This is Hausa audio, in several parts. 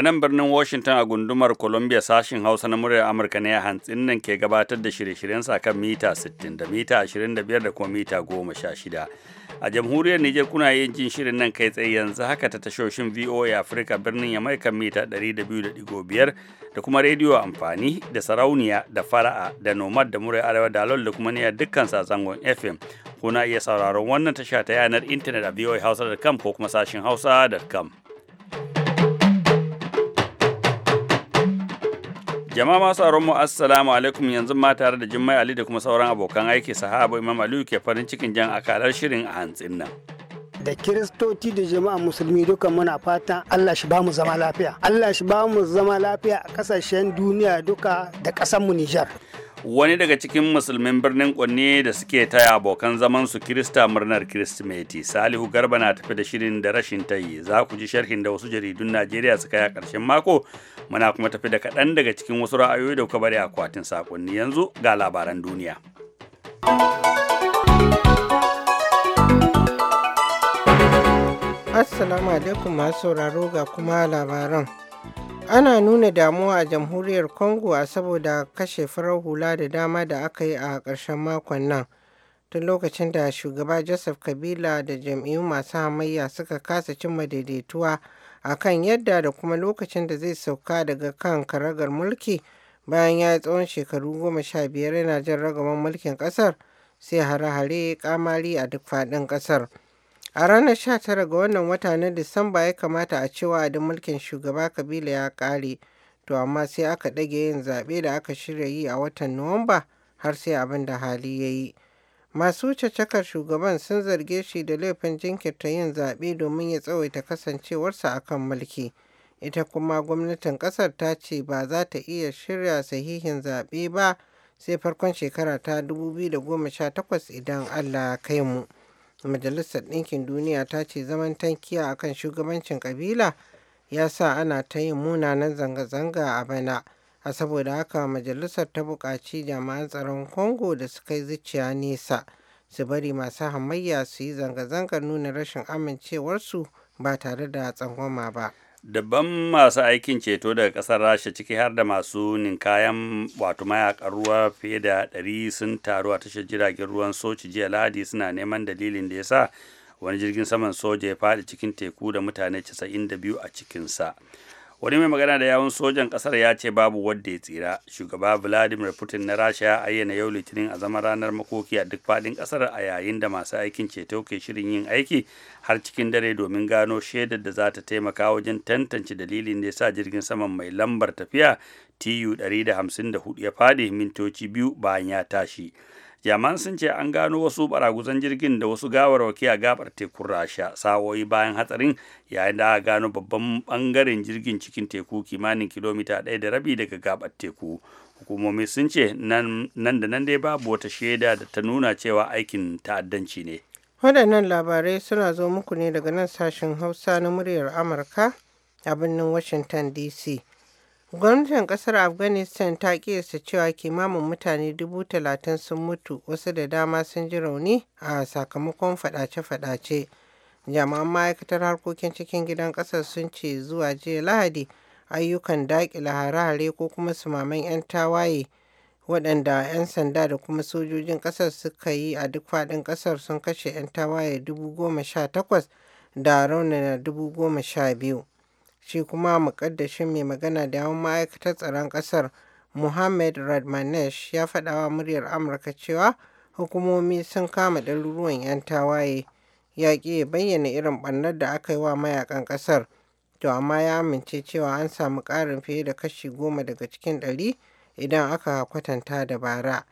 Daga nan birnin Washington a gundumar Columbia sashin Hausa na muryar Amurka ne a hantsin nan ke gabatar da shirye-shiryen sa kan mita 60 da mita 25 da kuma mita 16. A jamhuriyar Nijar kuna yin jin shirin nan kai tsaye yanzu haka ta tashoshin VOA Africa birnin Yamai kan mita 200.5 da kuma rediyo amfani da sarauniya da fara'a da nomad da muryar arewa da lol da kuma niyyar dukkan sasangon FM. Kuna iya sauraron wannan tasha ta yanar intanet a voahausa.com ko kuma sashin hausa.com. Jama'a masu aron mu assalamu alaikum yanzu ma tare da Jummai Ali da kuma sauran abokan aiki sahaba Imam Aliyu ke farin cikin jan akalar shirin a hantsin nan. da kiristoci da jama'a musulmi duka muna fata Allah shi bamu zama lafiya. Allah shi bamu zama lafiya a kasashen duniya duka da kasar mu Nijar. wani daga cikin musulmin birnin kwanne da suke taya abokan zaman su kirista murnar kirsimeti salihu garba na tafi da shirin da rashin tayi za ku ji sharhin da wasu jaridun najeriya suka yi a ƙarshen mako muna kuma tafi da kaɗan daga cikin wasu ra'ayoyi da kuka bari akwatin sakonni yanzu ga labaran duniya assalamu alaikum masu sauraro ga kuma labaran ana nuna damuwa a jamhuriyar congo a saboda kashe farar hula da dama da aka yi a ƙarshen makon nan tun lokacin da shugaba joseph kabila da jam'iyyu masu hamayya suka kasa cin daidaituwa a kan yadda da kuma lokacin da zai sauka daga kan karagar mulki bayan ya yi tsawon shekaru goma sha biyar yana jan ragaman mulkin ƙasar sai hare-hare kamari a duk faɗin ƙasar. A ranar 19 ga wannan wata na Disamba ya kamata a cewa wa'adin mulkin shugaba Kabila ya ƙare, to amma sai aka ɗage yin zaɓe da aka shirya yi a watan Nuwamba har sai abin da hali ya yi. Masu cakar shugaban sun zarge shi da laifin jinkirta yin zaɓe domin ya tsawaita kasancewarsa a kan mulki. Ita kuma gwamnatin ƙasar ta ce ba za ta iya shirya sahihin zaɓe ba sai farkon shekara ta 2018 idan Allah ya kai mu. majalisar ɗinkin duniya ta ce zaman tankiya akan shugabancin kabila ya sa ana ta yin munanan zanga-zanga a bana a saboda haka majalisar ta buƙaci jami'an tsaron congo da suka yi zuciya nesa su bari masu hamayya su yi zanga-zangar nuna rashin amincewarsu ba tare da tsangwama ba daban masu aikin ceto daga ƙasar rasha ciki har da masu ninkayan wato mayakan ruwa fiye da ɗari sun taru a tashar jiragen ruwan soci jiya lahadi suna neman dalilin da ya sa wani jirgin saman soja ya faɗi cikin teku da mutane 92 a cikinsa wani mai magana da yawun sojan kasar ya ce babu wadda ya tsira shugaba vladimir putin na rasha ya ayyana yau litinin a zama ranar makoki a duk fadin kasar a yayin da masu aikin ceto ke shirin yin aiki har cikin dare domin gano shaidar da za ta taimaka wajen tantance dalilin da ya sa jirgin saman mai lambar tafiya tu 154 ya fadi mintoci biyu bayan ya tashi jaman sun ce an gano wasu baraguzan jirgin da wasu gawarwake a gabar tekun rasha sa'o'i bayan hatsarin yayin da aka gano babban bangaren jirgin cikin teku kimanin kilomita ɗaya da rabi daga gabar teku hukumomi sun ce nan da nan dai babu wata shaida da ta nuna cewa aikin ta'addanci ne waɗannan labarai suna zo muku ne daga nan sashen hausa na muryar amurka a birnin washington dc Gwamnatin ƙasar Afghanistan ta kiyasta cewa kimanin mutane dubu talatin sun mutu wasu da dama sun ji rauni a sakamakon faɗace-faɗace Jami'an ma'aikatar harkokin cikin gidan ƙasar sun ce zuwa jiya Lahadi ayyukan daƙila hare-hare ko kuma sumaman 'yan tawaye waɗanda 'yan sanda da kuma sojojin ƙasar suka yi a duk faɗin ƙasar sun kashe 'yan tawaye dubu goma sha takwas da raunana dubu goma sha biyu. shi kuma mukaddashin mai magana da yawan ma'aikatar tsaron ƙasar Mohammed Radmanesh ya faɗawa muryar Amurka cewa hukumomi sun kama ɗaruruwan 'yan tawaye ya ƙi ya bayyana irin ɓarnar da aka yi wa mayakan ƙasar to amma ya amince cewa an samu ƙarin fiye da kashi goma daga cikin ɗari idan aka kwatanta da bara.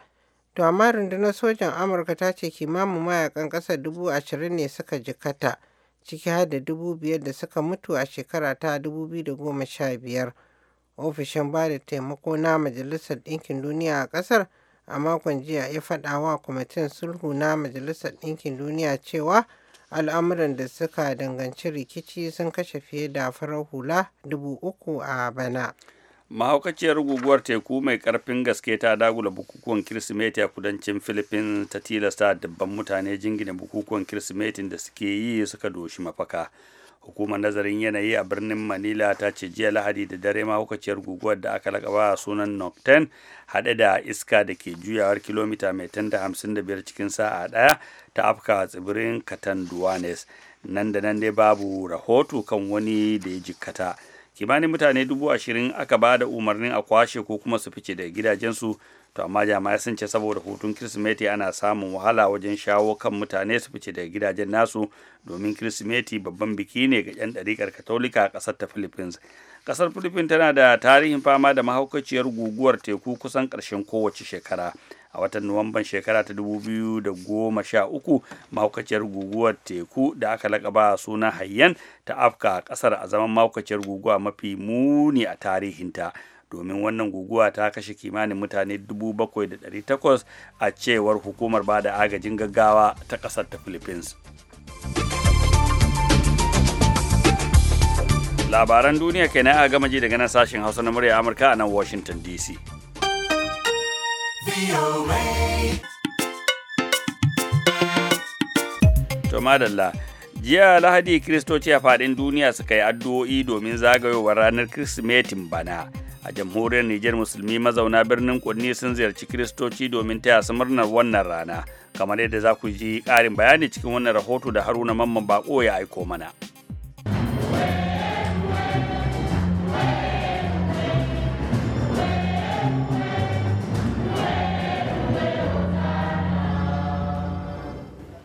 To amma rundunar sojan Amurka ta ce kimanin mayakan ƙasar dubu ashirin ne suka jikata ciki har da dubu biyar da suka mutu a shekara ta 2015 ofishin ba da taimako na majalisar ɗinkin duniya a ƙasar a makon jiya ya faɗa wa kwamitin sulhu na majalisar ɗinkin duniya cewa al'amuran da suka danganci rikici sun kashe fiye da farar hula dubu uku a bana mahaukaciyar guguwar teku mai karfin gaske ta dagula bukukuwan kirsimeti a kudancin philippines ta tilasta dabban mutane jingina bukukuwan kirsimetin da suke yi suka doshi mafaka hukumar nazarin yanayi a birnin manila ta ce jiya lahadi da dare mahaukaciyar guguwar da aka lakaba sunan nocturne haɗe da iska da ke juyawar kilomita mai tanda hamsin da biyar cikin sa'a ɗaya ta afka tsibirin katanduanes nan da nan dai babu rahoto kan wani da ya jikkata kimanin mutane dubu ashirin aka ba da umarnin a kwashe ko kuma su fice daga gidajensu to amma jami'ai sun ce saboda hutun kirsimeti ana samun wahala wajen shawo kan mutane su fice daga gidajen nasu domin kirsimeti babban biki ne ga 'yan ɗariƙar katolika a ƙasar ta philippines ƙasar philippines tana da tarihin fama da mahaukaciyar guguwar teku kusan ƙarshen kowace shekara a watan nuwamban shekara ta 2013 mahaukaciyar guguwar teku da aka lakaba suna hayyan ta afka kasar a zaman mahaukaciyar guguwa mafi muni a tarihinta domin wannan guguwa ta kashe kimanin mutane 7,800 a cewar hukumar bada agajin gaggawa ta kasar ta philippines labaran duniya kenan a gama ji daga nan sashen hausa na murya amurka a nan washington dc To madalla, jiya Lahadi Kiristoci a faɗin duniya suka yi addu'o'i domin zagayowar ranar Kirsimetin bana. A jamhuriyar Nijar Musulmi mazauna birnin Kudni sun ziyarci Kiristoci domin taya su murnar wannan rana. Kamar yadda za ku ji ƙarin bayani cikin wannan rahoto da Haruna Mamman Bako ya aiko mana.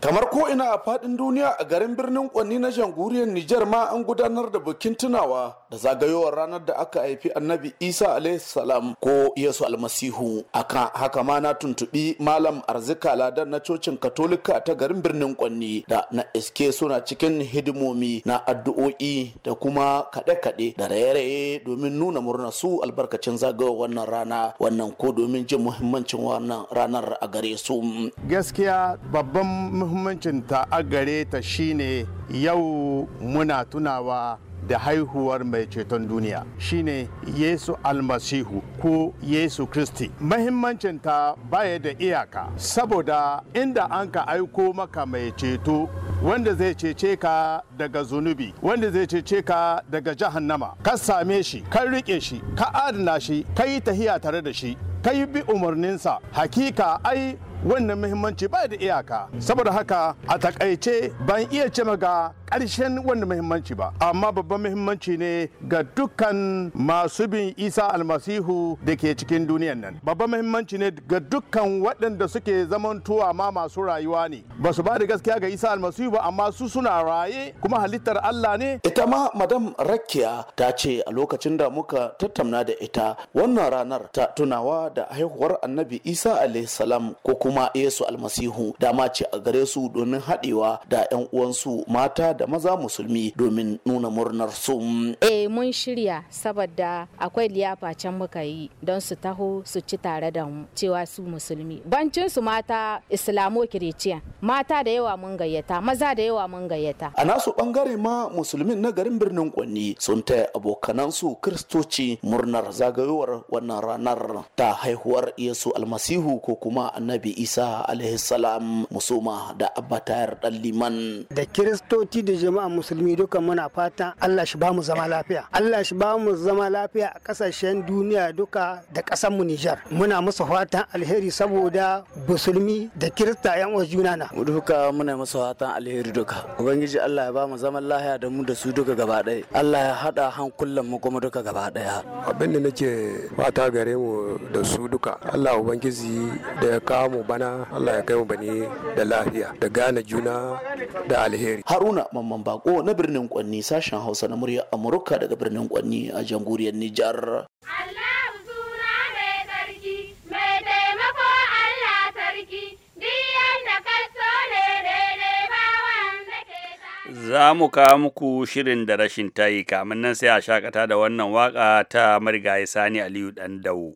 kamar ko ina a fadin duniya a garin birnin kwanni na janguriyar nijar ma an gudanar da bikin tunawa Da zagayowar ranar da aka haifi annabi isa salam ko yesu almasihu aka haka ma na tuntubi malam arzika ladan na cocin katolika ta garin birnin kwanni da na iske suna cikin hidimomi na addu'o'i da kuma kade-kade da raye-raye domin nuna murna su albarkacin zagayowar wannan rana wannan ko domin jin muhimmancin wannan ranar a gare su gaskiya babban muhimmancin ta a gare ta shine yau muna tunawa da haihuwar mai ceton duniya shine yesu almasihu ko yesu kristi mahimmancin ta baya da iyaka saboda inda an ka aiko maka mai ceto wanda zai cece ka daga zunubi wanda zai cece ka daga jahannama ka same shi ka rike shi ka adana shi ka yi tahiya tare da shi ka yi bi umarninsa hakika ai wannan muhimmanci ba da iyaka saboda haka a takaice ban iya ce ga ƙarshen wannan muhimmanci ba amma babban muhimmanci ne ga dukkan masu bin isa almasihu da ke cikin duniyan nan babban muhimmanci ne ga dukkan waɗanda suke zaman tuwa ma masu rayuwa ne ba su ba da gaskiya ga isa almasihu ba amma su suna raye kuma halittar allah ne ita ma madam rakkiya ta ce a lokacin da muka tattauna da ita wannan ranar ta tunawa da haihuwar annabi isa alaihi salam ko kuma kuma yesu almasihu dama ce a gare su domin haɗewa da 'yan uwansu mata da maza musulmi domin nuna murnar su eh mun shirya saboda akwai liyafa can muka yi don su taho su ci tare da mu cewa su musulmi bancin su mata islamo kiriciyan mata da yawa mun gayyata maza da yawa mun gayyata a nasu bangare ma musulmin na garin birnin kwanni sun taya su kristoci murnar zagayowar wannan ranar ta haihuwar yesu almasihu ko kuma annabi isa alaihi salam musoma da abba tayar dan liman da kiristoci da jama'a musulmi duka muna fata allah shi bamu zama lafiya allah shi bamu zama lafiya a kasashen duniya duka da kasan mu nijar muna musu fatan alheri saboda musulmi da kirista yan uwa juna na duka muna musu fatan alheri duka ubangiji allah ya bamu zaman lafiya da mu da su duka gaba ɗaya allah ya haɗa hankulan mu kuma duka gaba ɗaya abin da nake fata gare mu da su duka allah ubangiji da ya kawo mu bana Allah ya kai mu bane da lafiya da gane juna da alheri Haruna Mamman Bako na birnin Kwanni sashen Hausa na murya Amurka daga birnin Kwanni a jamhuriyar Nijar Za mu kawo muku shirin da rashin tayi kamin nan sai a shakata da wannan waka ta marigayi Sani Aliyu Ɗandawo.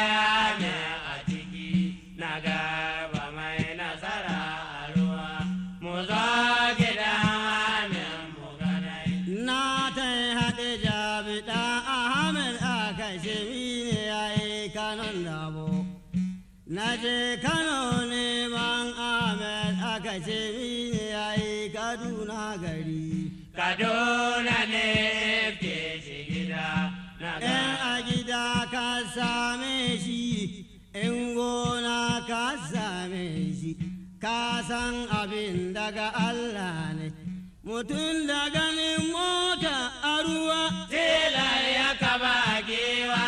na je kano neman ahmed aka ce mini ya yi kaduna gari kaduna ne ke gida na a gida ka same shi in gona ka same shi ka san abin daga allah ne mutum da ganin mota a ruwa tilar ya kaba gewa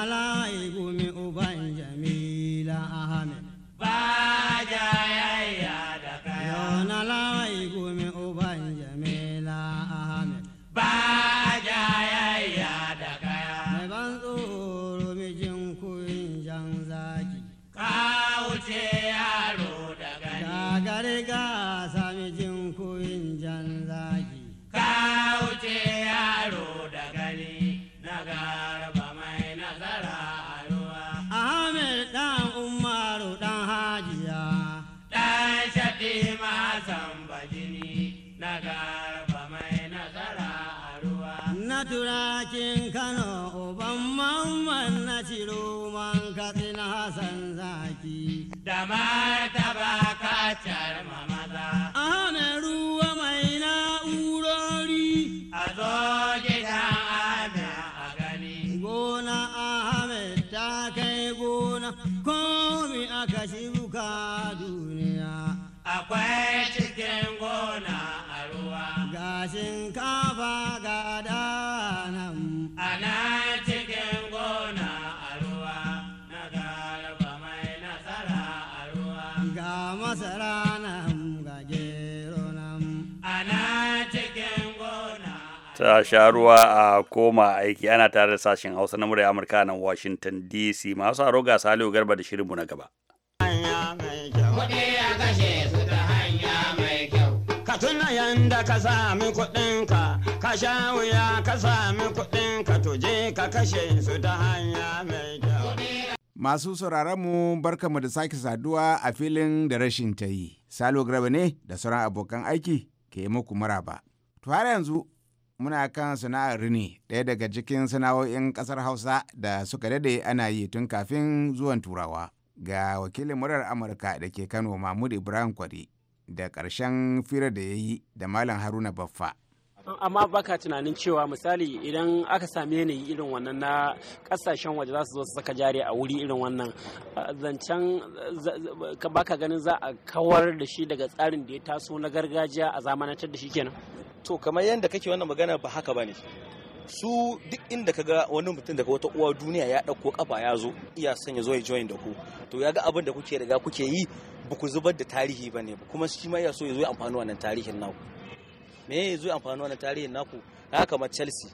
alai gumi uban jamila ahmed ba jayayya da kai yon alai gumi uban jamila ahmed ba jayayya da kai mai ban tsoro mijin Madhavakachar Mama. ta ruwa a koma aiki ana tare da sashen hausa na murya amurka nan washington dc masu haro ga salihu garba da shirinmu na gaba ka tuna yanda ka sami kuɗinka ka sha wuya ka sami kuɗinka to ka kashe su ta hanya mai kyau masu sauraronmu barkamu da sake saduwa a filin da rashin ta yi salo garba ne da sauran abokan aiki ke muku maraba to har yanzu muna kan sana'ar rini ɗaya daga cikin sana'o'in ƙasar hausa da suka dade ana yi tun kafin zuwan turawa ga wakilin murar amurka da ke kano mahmud ibrahim kwari da ƙarshen fira da ya yi da malam haruna baffa amma baka tunanin cewa misali idan aka same ni irin wannan na kasashen waje za su zo su saka jari a wuri irin wannan zancen baka ganin za a kawar da shi daga tsarin da ya taso na gargajiya a zamanantar da shi kenan to kamar yadda kake wannan magana ba haka ba ne su duk inda kaga wani mutum daga wata uwa duniya ya ɗauko kafa ya zo iya son ya zo ya join da ku to ya ga abin da kuke riga kuke yi ba ku zubar da tarihi ba ne kuma shi ma ya so ya zo ya amfani wannan tarihin naku me ya zo ya amfani wannan tarihin naku haka kamar Chelsea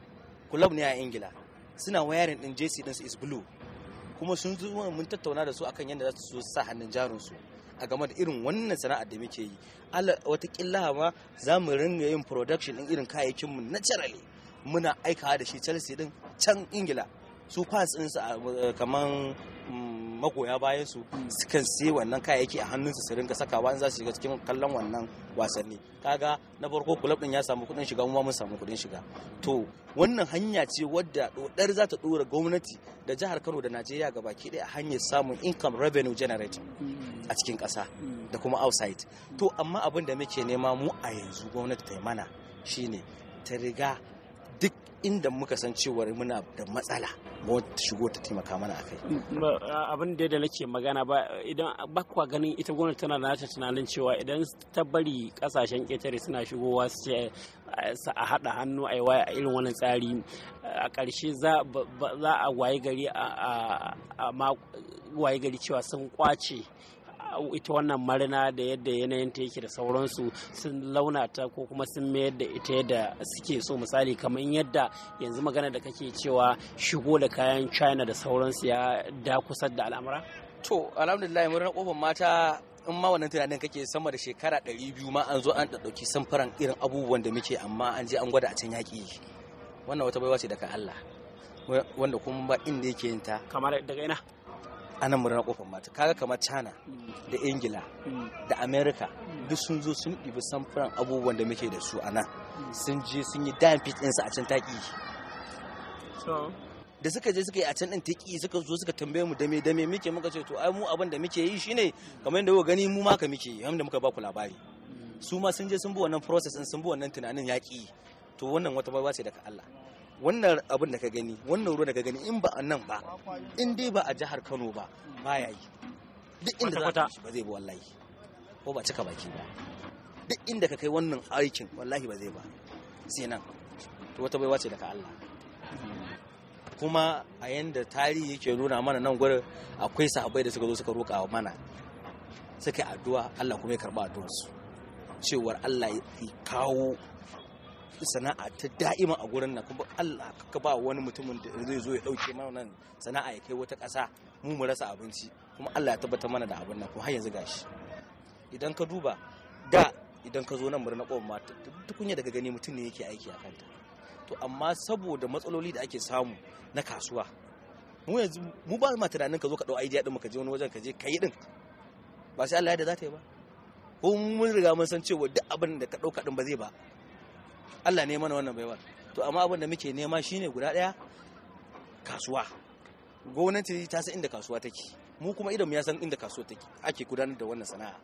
club ne a Ingila suna wayarin din JC din is blue kuma sun zo mun tattauna da su akan yadda za su sa hannun jarin su a game da irin wannan sana'ar da muke yi watakila ma za mu ringa yin production din irin kayayyakin mu naturally muna aikawa da shi chelsea din can ingila su pass su eh, kamar mm, magoya bayan su sukan sai wannan kayayyaki a hannunsu su saka sakawa in za su shiga cikin kallon wannan wasanni kaga na farko club din ya samu kuɗin shiga mu mun samu kuɗin shiga to wannan hanya ce wadda dodar za ta dora gwamnati da jihar Kano da Najeriya baki ɗaya a hanyar samun income revenue generating a cikin ƙasa da kuma outside to amma abin da muke nema mu a yanzu gwamnati ta yi mana shine ta riga inda muka san cewar muna da matsala wata ta shigo ta taimaka mana a kai. abin da da nake magana ba idan bakwa ganin ita gwamnati tana da nata tunanin cewa idan ta bari kasashen ƙetare suna shigowa su ce eh, a haɗa hannu a a irin wani tsari a ƙarshe za a waye gari gari cewa sun kwace ita wannan marina da yadda yanayin ta yake da sauransu sun launa ko kuma sun mayar da ita yadda suke so misali kamar yadda yanzu magana da kake cewa shigo da kayan china da sauransu ya dakusar da al'amura to alhamdulillah murnar kofar mata in ma wannan tunanin kake sama da shekara ɗari biyu ma an zo an ɗauki samfuran irin abubuwan da muke amma an je an gwada a can yaƙi wannan wata baiwa ce daga Allah wanda kuma ba inda yake yin ta kamar daga ina ana murna kofar mata kaga kamar china da ingila da america duk sun zo sun ɗibi samfuran abubuwan da muke da su a nan sun je sun yi dime pit ɗinsu a can taƙi da suka je suka yi a can ɗin taƙi suka zo suka tambaye mu dame dame muke muka ce to ai mu abin da muke yi shine kamar yadda gani mu ma ka muke yi da muka ba ku labari su ma sun je sun bi wannan process sun bi wannan tunanin yaƙi to wannan wata barba ce daga Allah wannan abin da ka gani wannan ruwan da ka gani in ba a nan ba in dai ba a jihar kano ba baya yi duk inda za ka ba zai ba wallahi ko ba cika baki ba duk inda ka kai wannan aikin wallahi ba zai ba sai nan to wata baiwa ce daga Allah kuma a yanda tarihi yake nuna mana nan gurin akwai sahabbai da suka zo suka roƙa mana suka yi addu'a Allah kuma ya karɓa addu'arsu cewar Allah ya kawo sana'a ta da'ima a gurin nan kuma Allah ka ba wani mutumin da zai zo ya dauke mana nan sana'a ya kai wata ƙasa mu mu rasa abinci kuma Allah ya tabbata mana da abin nan ko har yanzu gashi idan ka duba da idan ka zo nan murna ƙwan mata tukunya daga gani mutum ne yake aiki a kanta to amma saboda matsaloli da ake samu na kasuwa mu yanzu mu ba ma tunanin ka zo ka dau idea din ka je wani wajen ka je kai din ba sai Allah ya da za ta yi ba ko mun riga mun san cewa duk abin da ka dauka din ba zai ba Allah ne mana wannan baiwar to amma abin da muke nema shine guda daya kasuwa gwamnati ta san inda kasuwa take mu kuma idan ya san inda kasuwa take ake gudanar da wannan sana'a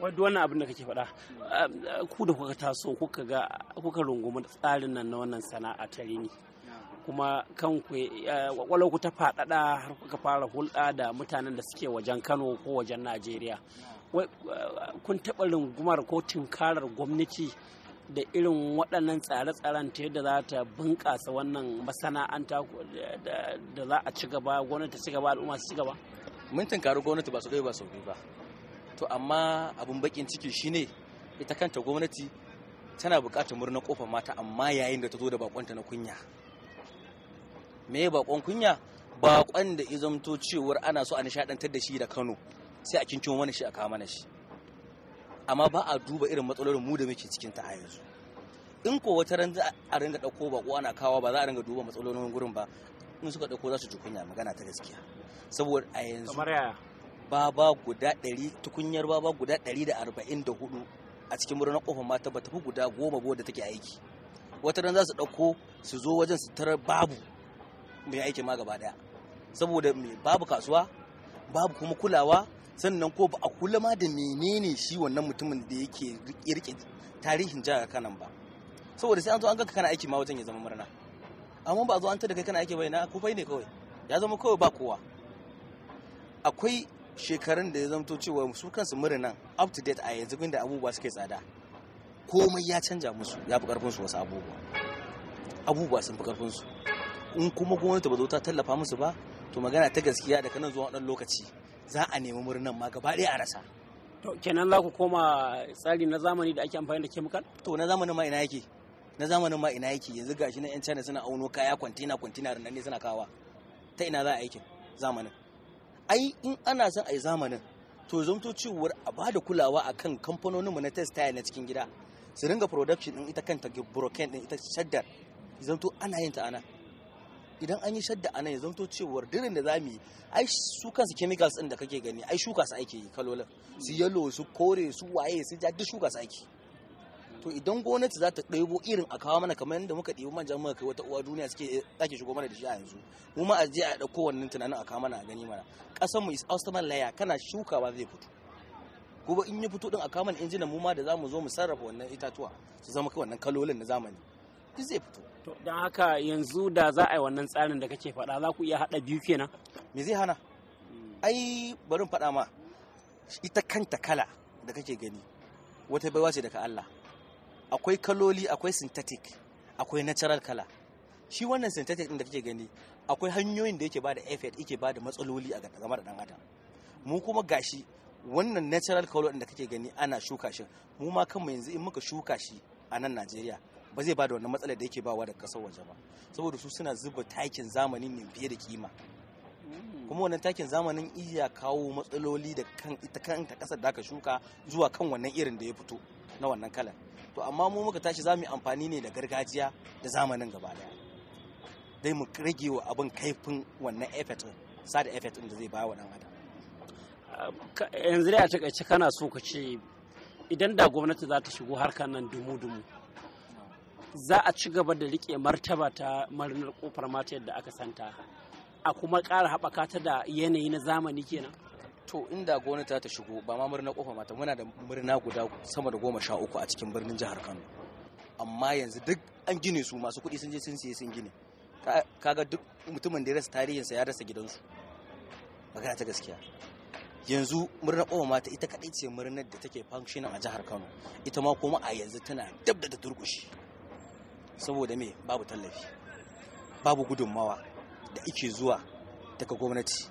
wadda wannan abin da kake faɗa ku da kuka taso kuka ga kuka rungumi tsarin nan na wannan sana'a ta rini kuma kanku eh, walau ku ta faɗaɗa har kuka fara hulɗa da mutanen da suke wajen kano ko wajen najeriya eh, kun taɓa rungumar ko tunkarar gwamnati da irin waɗannan tsare-tsaren ta yadda za ta bunƙasa wannan masana'anta da za a ci gaba gwamnati ta ci gaba al'umma su ci gaba mun tunkari gwamnati ba su ɗaya ba su ba to amma abin bakin ciki shine ita kanta gwamnati tana buƙatar murnar kofar mata amma yayin da ta zo da bakonta na kunya me bakon kunya baƙon da izamto cewar ana so a nishaɗantar da shi da Kano sai a kinkin wani shi a kawo mana shi amma ba a duba irin matsalolin mu da muke cikin ta a yanzu in ko wata ran za a ringa dauko bako ana kawo ba za a ringa duba matsalolin gurin ba in suka dauko za su ji kunya magana ta gaskiya saboda a yanzu baba guda 100 tukunyar baba guda 144 a cikin birnin kofar mata ba tafi guda goma ba da take aiki wata ran za su dauko su zo wajen su tarar babu mai aiki ma gaba daya saboda babu kasuwa babu kuma kulawa sannan ko ba a kula ma da menene shi wannan mutumin da yake rike tarihin jihar kanan ba saboda sai an zo an ga kana aiki ma wajen ya zama murna amma ba a zo an tada kai kana aiki bai na kufai ne kawai ya zama kawai ba kowa akwai shekarun da ya zamto cewa su kansu murnan up to date a yanzu da abubuwa suke tsada komai ya canja musu ya fi karfin su wasu abubuwa abubuwa sun fi karfin su in kuma gwamnati ba zo ta tallafa musu ba to magana ta gaskiya daga nan zuwa ɗan lokaci za a nemi murnan ma gaba ɗaya a rasa to kenan za ku koma tsari na zamani da ake amfani da chemical to na zamanin ma ina yake na zamanin ma ina yake yanzu gashi na yan China suna auno kaya kwantena-kwantena da ne suna kawa ta ina za a aikin zamanin ai in ana son a yi zamanin to zamto cewar a bada kulawa kan kamfanonin mu na tire na cikin gida su ringa production din ita kanta broken din ita shaddar zamto ana yin ta ana idan an yi shadda anan ya zanto cewar dirin da zamu yi ai su kansu chemicals din da kake gani ai shuka su ake yi kalolin su yalo su kore su waye su ja duk shuka su ake to idan gwamnati za ta ɗebo irin a kawo mana kamar yadda muka ɗebi manjan muka kai wata uwa duniya suke eh, ake shigo mana da shi a yanzu mu ma a je a ɗauko wannan tunanin a kawo mana a gani mana ƙasar mu is ausman laya kana shukawa zai fito gobe in ya fito din a kawo mana injinan mu ma da zamu zo mu sarrafa wannan itatuwa su zama kai wannan kalolin na zamani duk zai fito don haka yanzu da za a yi wannan tsarin da kake faɗa za ku iya haɗa biyu kenan me zai hana ai bari faɗa ma ita kanta kala da kake gani wata baiwa ce daga Allah akwai kaloli akwai synthetic akwai natural kala shi wannan synthetic din da kake gani akwai hanyoyin da yake bada effect yake bada matsaloli a ga da dan adam mu kuma gashi wannan natural color din da kake gani ana shuka shi mu ma kanmu yanzu in muka shuka shi a nan Najeriya ba zai ba da wannan matsalar da yake bawa da kasar waje ba saboda su suna zuba takin zamanin ne fiye da kima kuma wannan takin zamanin iya kawo matsaloli da kan ita kanta kasar da aka shuka zuwa kan wannan irin da ya fito na wannan kalan to amma mu muka tashi za mu yi amfani ne da gargajiya da zamanin gaba daya dai mu rage wa abin kaifin wannan effect sada effect da zai bawa dan adam yanzu dai a takaice kana so ka ce idan da gwamnati za ta shigo harkar nan dumu-dumu za a ci gaba da rike martaba ta marinar kofar mata yadda aka santa a kuma ƙara haɓaka ta da yanayi na zamani kenan to inda gona ta shigo ba ma murna kofa mata muna da murna guda sama da goma sha uku a cikin birnin jihar kano amma yanzu duk an gine su masu kuɗi sun je sun siye sun gine kaga duk mutumin da ya rasa tarihinsa ya rasa gidansu magana ta gaskiya yanzu murnar kofa mata ita kaɗai ce murnar da take functioning a jihar kano ita ma kuma a yanzu tana dab da turkushi saboda me babu tallafi babu gudunmawa da ike zuwa daga gwamnati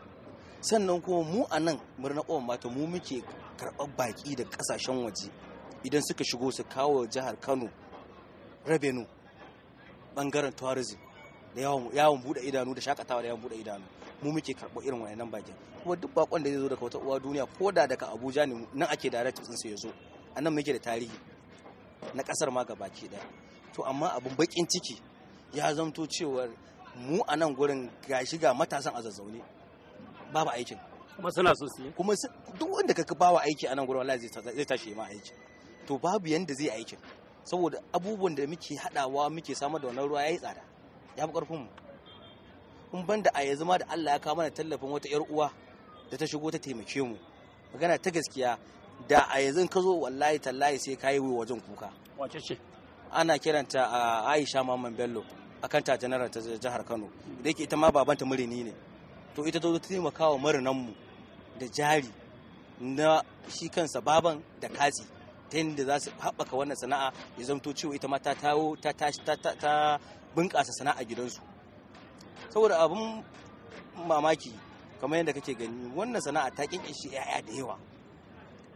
sannan kuma mu a nan murna ƙwan mata mu muke karɓar baƙi da ƙasashen waje idan suka shigo su kawo jihar kano rabenu ɓangaren tourism da yawon buɗe idanu da shakatawa da yawon buɗe idanu mu muke karɓar irin wayannan bakin kuma duk bakon da zai zo daga wata uwa duniya ko da daga abuja ne nan ake direct ɗinsa ya zo a nan muke da tarihi na ƙasar ma ga baki ɗaya to amma abin bakin ciki ya zamto cewar mu a nan gurin ga ga matasan a zazzaune babu aikin kuma suna so su yi kuma duk wanda ka bawa aiki a nan gurin wallahi zai tashi ma aiki to babu yanda zai aiki saboda abubuwan da muke hadawa muke samar da wannan ruwa yayi tsada ya fi karfin mu kun banda a yanzu ma da Allah ya kawo mana tallafin wata yar uwa da ta shigo ta taimake mu magana ta gaskiya da a yanzu ka zo wallahi tallahi sai ka yi wajen kuka wace ce ana kiranta a Aisha Mamman Bello a ta janaral ta jihar Kano da yake ita ma babanta murini ne to ita ta zo ta taimaka wa da jari na shi kansa baban da katsi ta yadda za su haɓaka wannan sana'a ya zamto cewa ita ma ta tawo ta ta bunƙasa sana'a gidansu saboda abin mamaki kamar yadda kake gani wannan sana'a ta kinkishi 'ya'ya da yawa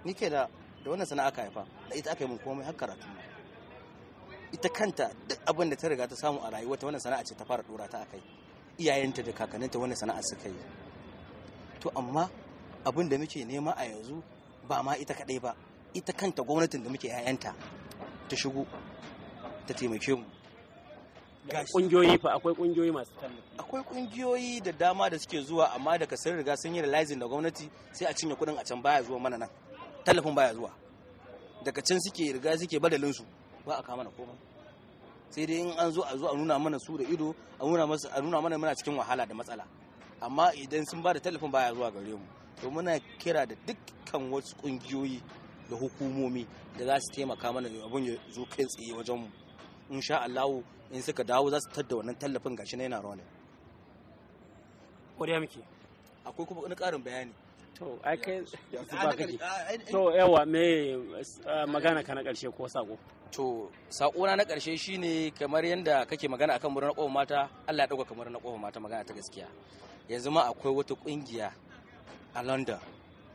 nike da da wannan sana'a ka haifa da ita aka yi mun komai har karatu ita kanta duk abin da ta riga ta samu a rayuwarta wannan sana'a ce ta fara dora ta akai iyayenta da kakanninta wannan sana'a suka yi to amma abin da muke nema a yanzu ba ma ita kadai ba ita kanta gwamnatin da muke yayanta ta shigo ta taimake mu kungiyoyi fa akwai kungiyoyi masu tallafi akwai kungiyoyi da dama da suke zuwa amma daga sun riga sun yi realizing da gwamnati sai a cinye kudin a can baya zuwa mana nan tallafin baya zuwa daga can suke riga suke badalin su ba a kama na komai sai dai in an zo a zo a nuna mana su da ido a nuna a nuna mana muna cikin wahala da matsala amma idan sun ba da tallafin baya zuwa gare mu to muna kira da dukkan wasu kungiyoyi da hukumomi da za su taimaka mana abin ya zo kai tsaye wajen mu insha Allah in suka dawo za su tadda wannan tallafin gashi na yana rolling Koriya muke akwai kuma wani karin bayani to ai kai to yawa me eh, magana ka na karshe ko sako to saƙona na karshe shine kamar yadda kake magana akan murnar kofar mata Allah ya dauka kamar na kofar mata magana ta gaskiya yanzu ma akwai wata kungiya a London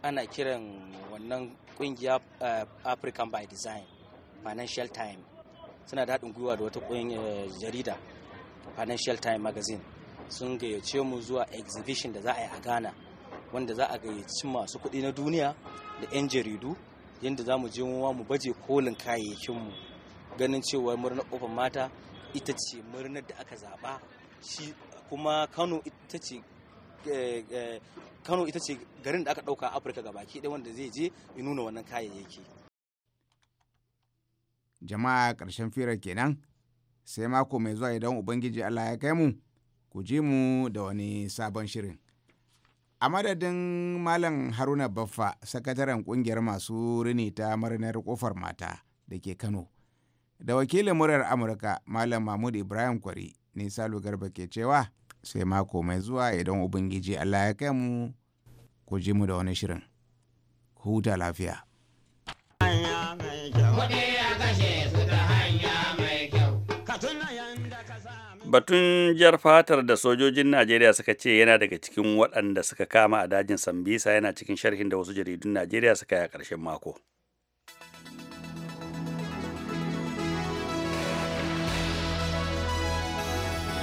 ana kiran wannan ƙungiya eh, African by Design Financial Time suna da haɗin gwiwa da wata eh, jarida Financial Time magazine sun gayyace mu zuwa exhibition da za a yi a Ghana wanda za a gayyaci masu kuɗi na duniya da 'yan jaridu yadda za mu je mu baje kolin kayayyakinmu ganin cewa murnar kofar mata ita ce murnar da aka zaba shi kuma kano ita ce eh, eh, kano ita ce garin da aka dauka afirka gabaki ɗaya wanda zai je ya nuna wannan kayayyaki jama'a ƙarshen firar kenan sai mako mai zuwa idan ubangiji allah ya kai mu ku ji mu da wani sabon shirin a madadin malam haruna baffa sakataren ƙungiyar masu rini ta marinar kofar mata da ke kano Da wakilin muryar Amurka Malam Mahmud Ibrahim Kwari ne Salo Garba ke cewa sai mako mai zuwa idan Ubangiji Allah ya kai mu ku ji mu da wani shirin. Huta lafiya. Batun jar fatar da sojojin Najeriya suka ce yana daga cikin waɗanda suka kama a dajin Sambisa yana cikin sharhin da wasu jaridun Najeriya suka yi a ƙarshen mako.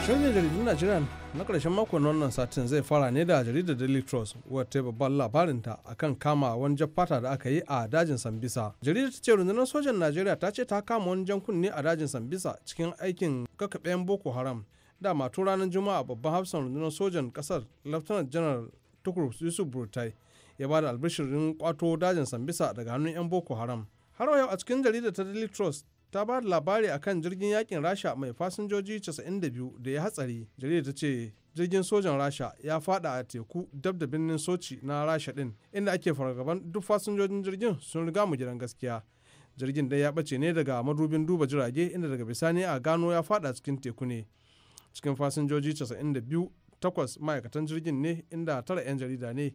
Shirin jaridun Najeriya na ƙarshen makon wannan satin zai fara ne da jaridar Daily Trust wata babban labarinta akan kama wani jaffata da aka yi a dajin Sambisa. Jaridar ta ce rundunar sojan Najeriya ta ce ta kama wani jan kunne a dajin Sambisa cikin aikin kakaɓen Boko Haram. da tun ranar Juma'a babban hafsan rundunar sojan ƙasar Lieutenant General Tukur Yusuf Burtai ya ba da albishirin kwato dajin Sambisa daga hannun 'yan Boko Haram. Har yau a cikin jaridar ta Daily Trust ta ba da labari a kan jirgin yakin rasha mai fasinjoji 92 da ya hatsari jarida ta ce jirgin sojan rasha ya fada a teku dab da birnin soci na rasha din inda ake fargaban duk fasinjojin jirgin sun riga mu gidan gaskiya jirgin dai ya bace ne daga madubin duba jirage inda daga bisani a gano ya fada cikin teku ne cikin fasinjoji 92 takwas ma'aikatan jirgin ne inda tara 'yan jarida ne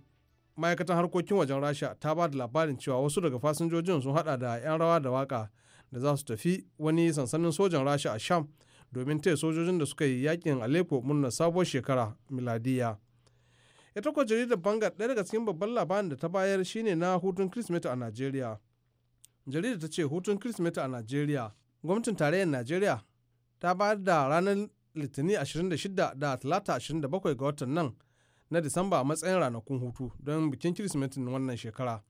ma'aikatan harkokin wajen rasha ta ba da labarin cewa wasu daga fasinjojin sun hada da 'yan rawa da waka da za su tafi wani sansanin sojan rasha a sham domin taya sojojin da suka yi yakin alepo murnar sabuwar shekara miladiya ita kuwa jaridar bangar ɗaya daga cikin babban labarin da ta bayar shine na hutun kirsimeti a najeriya jaridar ta ce hutun kirsimeti a najeriya gwamnatin tarayyar najeriya ta bayar da ranar litinin 26 da talata 27 ga watan nan na disamba a matsayin ranakun hutu don bikin kirsimetin wannan shekara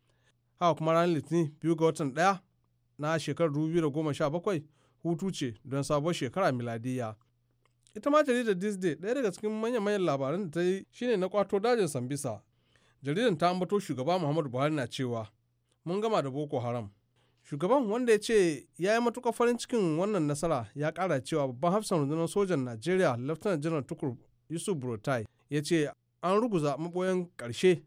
haka kuma ranar litinin biyu ga watan daya. na shekarar 2017 hutu ce don sabuwar shekara miladiya. Ita ma jaridar Disney ɗaya daga cikin manya-manyan labaran da ta yi shine na kwato dajin Sambisa. Jaridar ta ambato shugaba Muhammadu Buhari na cewa mun gama da Boko Haram. Shugaban wanda ya ce ya yi matuƙar farin cikin wannan nasara ya ƙara cewa babban hafsan rundunar sojan Najeriya Laftanar Janar Tukur Yusuf Burutai ya ce an ruguza maɓoyan ƙarshe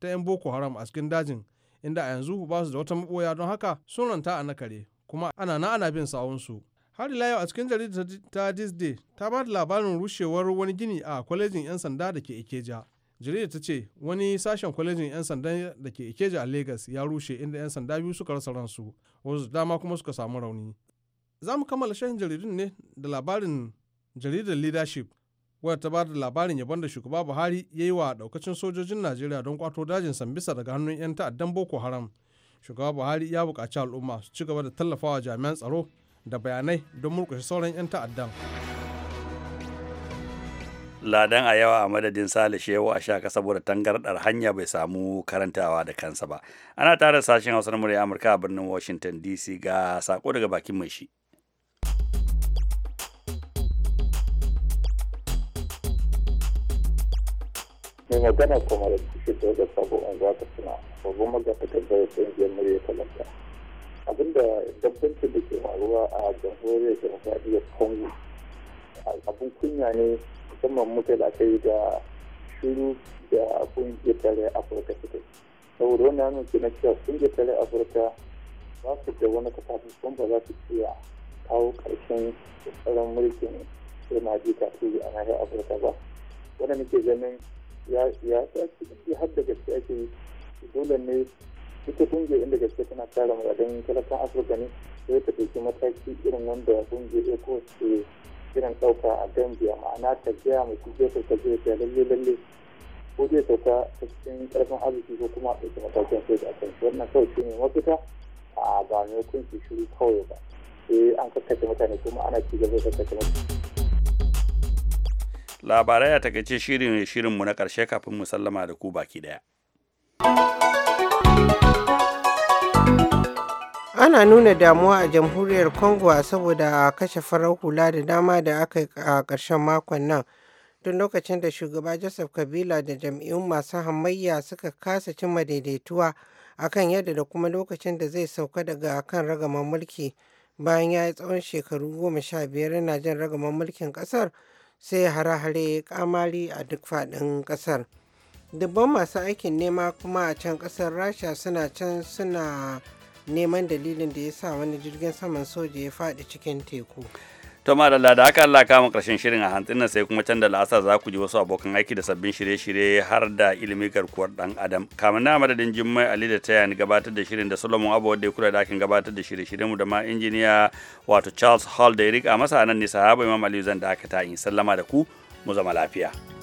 ta 'yan Boko Haram a cikin dajin inda a yanzu ba su da wata maboya don haka sun ranta a nakare kuma ana na ana bin sawunsu har ila yau a cikin jarida ta disney ta ba da labarin rushewar wani gini a kwalejin 'yan sanda da ke ikeja jarida ta ce wani sashen kwalejin 'yan sanda da ke ikeja a lagos ya rushe inda 'yan sanda biyu suka rasa ransu wasu dama kuma suka samu rauni za mu kammala shahin jaridun ne da labarin jaridar leadership wadda ta bada labarin yabon da shugaba buhari ya yi wa daukacin sojojin najeriya don kwato dajin sambisa daga hannun 'yan ta'addan boko haram shugaba buhari ya buƙaci al'umma su ci gaba da tallafawa jami'an tsaro da bayanai don murƙushe sauran 'yan ta'addan ladan a yawa a madadin sale shehu a shaka saboda tangardar hanya bai samu karantawa da kansa ba ana tara sashen hausa na murya amurka a birnin washington dc ga sako daga bakin mai shi mai magana kuma da kushe ta wajen sabo an za ka suna babban magatakar da ƙungiyar murya talaka abinda dabbancin da ke faruwa a jamhuriyar demokradiyyar congo abin kunya ne musamman muka da aka yi da shiru da ƙungiyar tare afirka suka saboda wani hannun ke na cewa ƙungiyar tare afirka ba su da wani kafafun ba za su iya kawo karshen tsaron mulkin sai ma ji ta a nahiyar afirka ba wanda nake ganin ya ya har da gaske ake dole ne ita kungiyar inda gaske tana kare muradun talakan afirka ne sai ta ɗauki mataki irin wanda kungiyar ko ke irin ɗauka a gambia ma'ana ta gaya mai kuke ta ta ta lalle lalle ko zai sauka ta cikin ƙarfin arziki ko kuma a ɗauki matakin sai da kan wannan kawai shi ne mafita a ba mai kunshi shiru kawai ba sai eh, an kakkace mutane kuma ana ci gaba da kakkace mutane. labarai a takaice shirin shirinmu na ƙarshe kafin mu sallama da ku baki daya. ana nuna damuwa a jamhuriyar congo saboda a kashe farar hula da dama da aka yi a ƙarshen makon nan tun lokacin da shugaba joseph kabila da jam'iyyun masu hamayya suka kasa cimma daidaituwa akan yadda da kuma lokacin da zai sauka daga kan ragaman mulki bayan ya yi tsawon shekaru goma sha biyar yana jin ragaman mulkin ƙasar sai hare-hare kamari a duk faɗin ƙasar dubban masu aikin nema kuma a can ƙasar rasha suna can suna neman dalilin da ya sa wani jirgin saman soja ya faɗi cikin teku to madalla da haka Allah kama karshen shirin a hantsin nan sai kuma can da la'asar za ku ji wasu abokan aiki da sabbin shirye-shirye har da ilimi garkuwar dan adam kamin na madadin jimmai ali da taya ni gabatar da shirin da solomon abu da ya kula da aikin gabatar da shirye-shiryen mu da ma injiniya wato charles hall da ya rika masa nan ne sahaba imam aliyu zan da aka ta in sallama da ku mu zama lafiya.